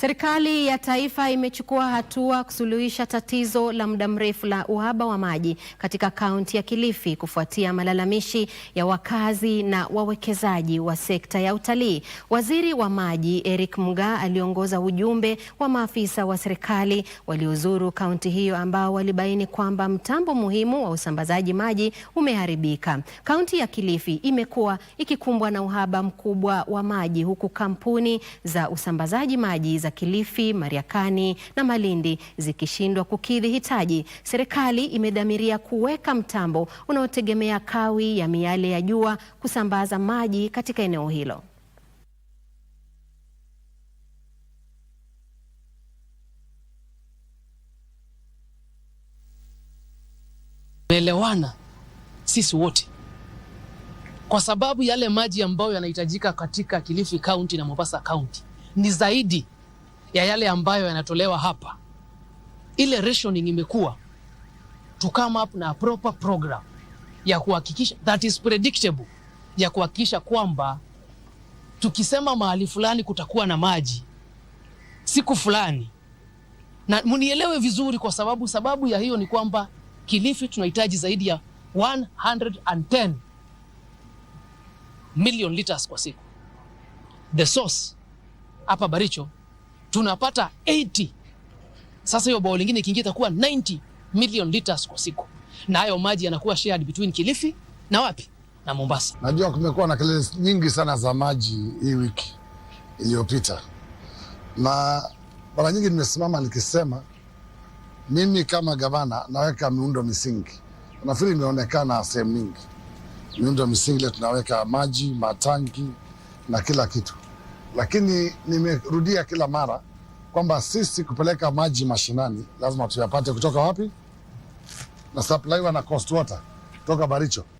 Serikali ya taifa imechukua hatua kusuluhisha tatizo la muda mrefu la uhaba wa maji katika kaunti ya Kilifi kufuatia malalamishi ya wakazi na wawekezaji wa sekta ya utalii. Waziri wa Maji Eric mga aliongoza ujumbe wa maafisa wa serikali waliozuru kaunti hiyo ambao walibaini kwamba mtambo muhimu wa usambazaji maji umeharibika. Kaunti ya Kilifi imekuwa ikikumbwa na uhaba mkubwa wa maji huku kampuni za usambazaji maji za Kilifi, Mariakani na Malindi zikishindwa kukidhi hitaji, serikali imedhamiria kuweka mtambo unaotegemea kawi ya miale ya jua kusambaza maji katika eneo hilo. Elewana sisi wote kwa sababu yale maji ambayo yanahitajika katika Kilifi County na Mombasa County ni zaidi ya yale ambayo yanatolewa hapa, ile rationing imekuwa to come up na proper program ya kuhakikisha that is predictable, ya kuhakikisha kwamba tukisema mahali fulani kutakuwa na maji siku fulani, na mnielewe vizuri, kwa sababu sababu ya hiyo ni kwamba Kilifi tunahitaji zaidi ya 110 million liters kwa siku. The source hapa Baricho tunapata 80. Sasa hiyo bao lingine ikiingia itakuwa 90 million liters kwa siku, na hayo maji yanakuwa shared between Kilifi na wapi na Mombasa. Najua kumekuwa na kelele nyingi sana za maji hii wiki iliyopita, na mara nyingi nimesimama nikisema mimi kama gavana naweka miundo misingi. Nafikiri imeonekana sehemu nyingi, miundo misingi ile tunaweka maji, matangi na kila kitu lakini nimerudia kila mara kwamba sisi kupeleka maji mashinani lazima tuyapate kutoka wapi? na supply na cost water kutoka Baricho.